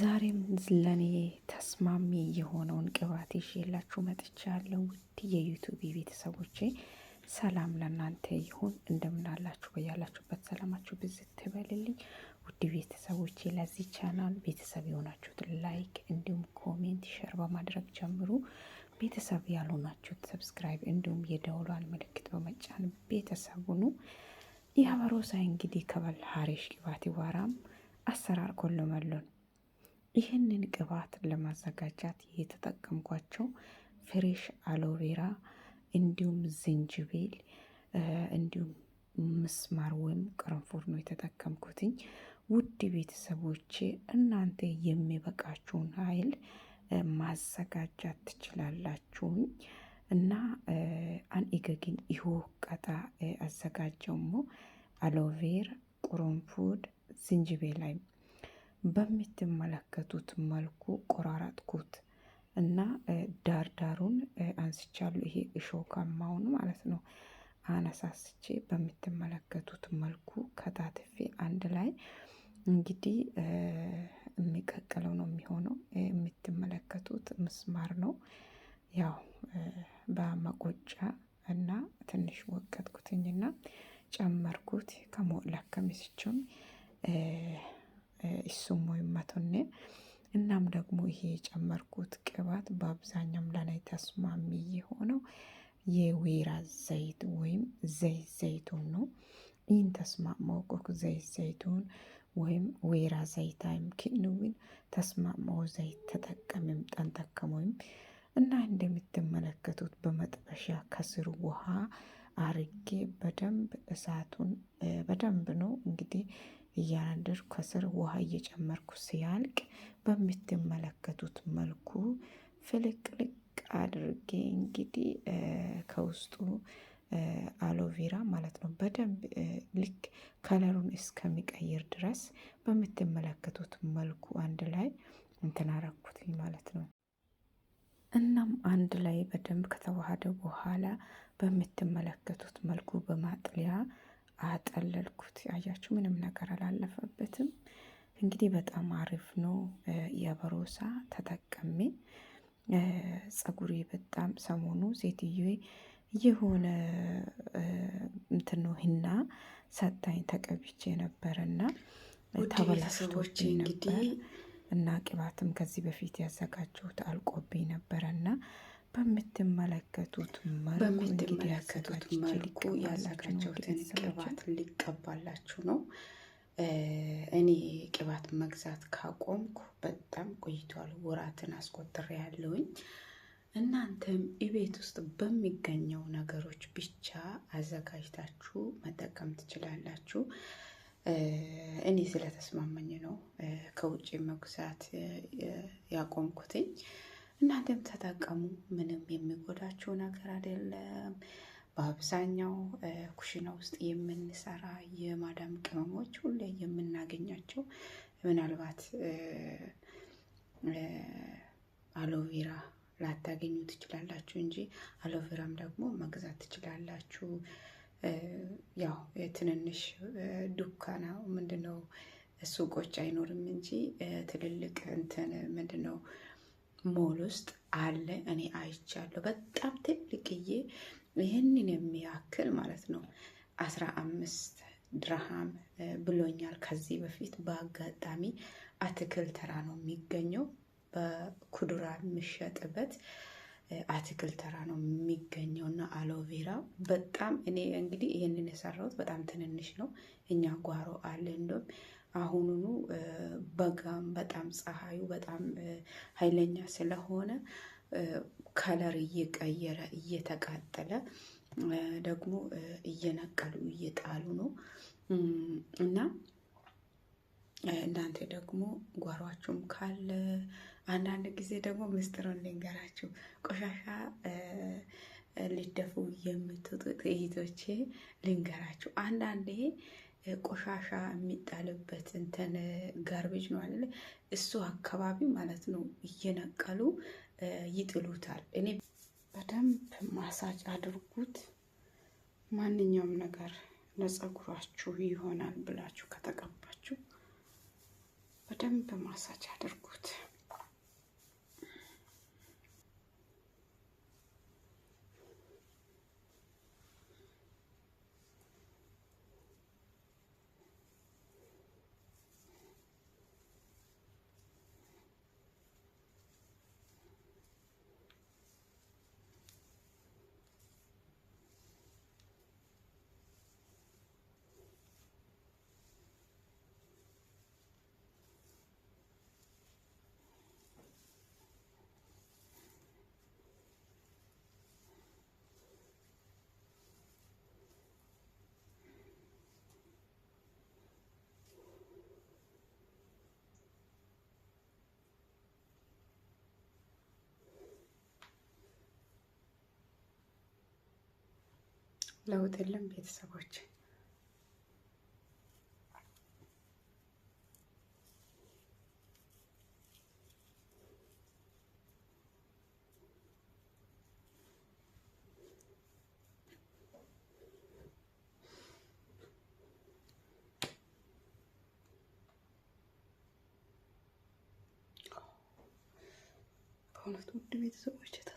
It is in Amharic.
ዛሬም ለኔ ተስማሚ የሆነውን ቅባት ይዤላችሁ መጥቻለሁ። ውድ የዩቱብ ቤተሰቦቼ ሰላም ለእናንተ ይሁን። እንደምናላችሁ በያላችሁበት ሰላማችሁ ብዝት ትበልልኝ። ውድ ቤተሰቦቼ ለዚህ ቻናል ቤተሰብ የሆናችሁት ላይክ፣ እንዲሁም ኮሜንት፣ ሸር በማድረግ ጀምሩ። ቤተሰብ ያልሆናችሁት ሰብስክራይብ፣ እንዲሁም የደውሏን ምልክት በመጫን ቤተሰብ ሁኑ። የአበሮሳይ እንግዲህ ከበል ሀሬሽ ቅባት ይዋራም አሰራር ኮሎመሎን ይህንን ቅባት ለማዘጋጃት የተጠቀምኳቸው ፍሬሽ አሎቬራ እንዲሁም ዝንጅቤል እንዲሁም ምስማር ወይም ቅርንፉድ ነው የተጠቀምኩትኝ። ውድ ቤተሰቦቼ እናንተ የሚበቃችሁን ኃይል ማዘጋጃት ትችላላችሁኝ እና አንኢገግን ይሆ ቀጣ አዘጋጀውሞ አሎቬር ቁርንፉድ ዝንጅቤል ላይ በምትመለከቱት መልኩ ቆራረጥኩት እና ዳርዳሩን አንስቻለሁ። ይሄ እሾካማውን ማለት ነው። አነሳስቼ በምትመለከቱት መልኩ ከታትፌ አንድ ላይ እንግዲህ የሚቀቅለው ነው የሚሆነው። የምትመለከቱት ምስማር ነው። ያው በመቆጫ እና ትንሽ ወቀጥኩትኝና ጨመርኩት ከሞላ ከሚስችም እሱም ወይም መቶነ እናም ደግሞ ይሄ የጨመርኩት ቅባት በአብዛኛውም ለላይ ተስማሚ የሆነው የወይራ ዘይት ወይም ዘይት ዘይቱን ነው። ይህን ተስማማው ቆክ ዘይት ዘይቱን ወይም ወይራ ዘይታይም ክንውን ተስማማው ዘይት ተጠቀምም ጠንጠቀሙም እና እንደምትመለከቱት በመጥበሻ ከስር ውሃ አርጌ በደንብ እሳቱን በደንብ ነው እንግዲህ እያረደርኩ ከስር ውሃ እየጨመርኩ ሲያልቅ በምትመለከቱት መልኩ ፍልቅልቅ አድርጌ እንግዲህ ከውስጡ አሎቬራ ማለት ነው። በደንብ ልክ ከለሩን እስከሚቀይር ድረስ በምትመለከቱት መልኩ አንድ ላይ እንትን አረኩትኝ ማለት ነው። እናም አንድ ላይ በደንብ ከተዋሃደ በኋላ በምትመለከቱት መልኩ በማጥለያ አጠለልኩት። ያያችሁ ምንም ነገር አላለፈበትም። እንግዲህ በጣም አሪፍ ነው። የበሮሳ ተጠቀሜ ጸጉሬ በጣም ሰሞኑ ሴትዮ የሆነ እንትን ነው ሂና ሰታኝ ተቀብቼ ነበረና ተበላሽቶች ነበር እና ቅባትም ከዚህ በፊት ያዘጋጀሁት አልቆብኝ ነበረ ነበረና በምትመለከቱት በምትመለከቱት መልኩ ያዘጋጀሁትን ቅባት ሊቀባላችሁ ነው። እኔ ቅባት መግዛት ካቆምኩ በጣም ቆይቷል፣ ወራትን አስቆጥሬ ያለውኝ። እናንተም ቤት ውስጥ በሚገኘው ነገሮች ብቻ አዘጋጅታችሁ መጠቀም ትችላላችሁ። እኔ ስለተስማማኝ ነው ከውጭ መግዛት ያቆምኩትኝ። እናንተም ተጠቀሙ። ምንም የሚጎዳችሁ ነገር አይደለም። በአብዛኛው ኩሽና ውስጥ የምንሰራ የማዳም ቅመሞች ሁሌ የምናገኛቸው ምናልባት አሎቬራ ላታገኙ ትችላላችሁ እንጂ አሎቬራም ደግሞ መግዛት ትችላላችሁ። ያው የትንንሽ ዱካና ምንድነው ሱቆች አይኖርም እንጂ ትልልቅ እንትን ምንድነው ሞል ውስጥ አለ። እኔ አይቻለሁ። በጣም ትልቅዬ ይህንን የሚያክል ማለት ነው አስራ አምስት ድርሃም ብሎኛል ከዚህ በፊት በአጋጣሚ አትክልት ተራ ነው የሚገኘው። በኩዱራ የሚሸጥበት አትክልት ተራ ነው የሚገኘው እና አሎቬራ በጣም እኔ እንግዲህ ይህንን የሰራሁት በጣም ትንንሽ ነው። እኛ ጓሮ አለ እንደውም አሁኑኑ በጋም በጣም ፀሐዩ በጣም ኃይለኛ ስለሆነ ከለር እየቀየረ እየተቃጠለ ደግሞ እየነቀሉ እየጣሉ ነው እና እናንተ ደግሞ ጓሯችሁም ካለ አንዳንድ ጊዜ ደግሞ ምስጢሩን ልንገራችሁ። ቆሻሻ ሊደፉ የምትወጡ እህቶቼ ልንገራችሁ። አንዳንዴ ቆሻሻ የሚጣልበት እንትን ጋርቤጅ ነው አለ እሱ አካባቢ ማለት ነው እየነቀሉ ይጥሉታል። እኔ በደንብ ማሳጅ አድርጉት። ማንኛውም ነገር ለጸጉራችሁ ይሆናል ብላችሁ ከተቀባችሁ በደንብ ማሳጅ አድርጉት። ለውጥ የለም ቤተሰቦች። በእውነት ውድ ቤተሰቦች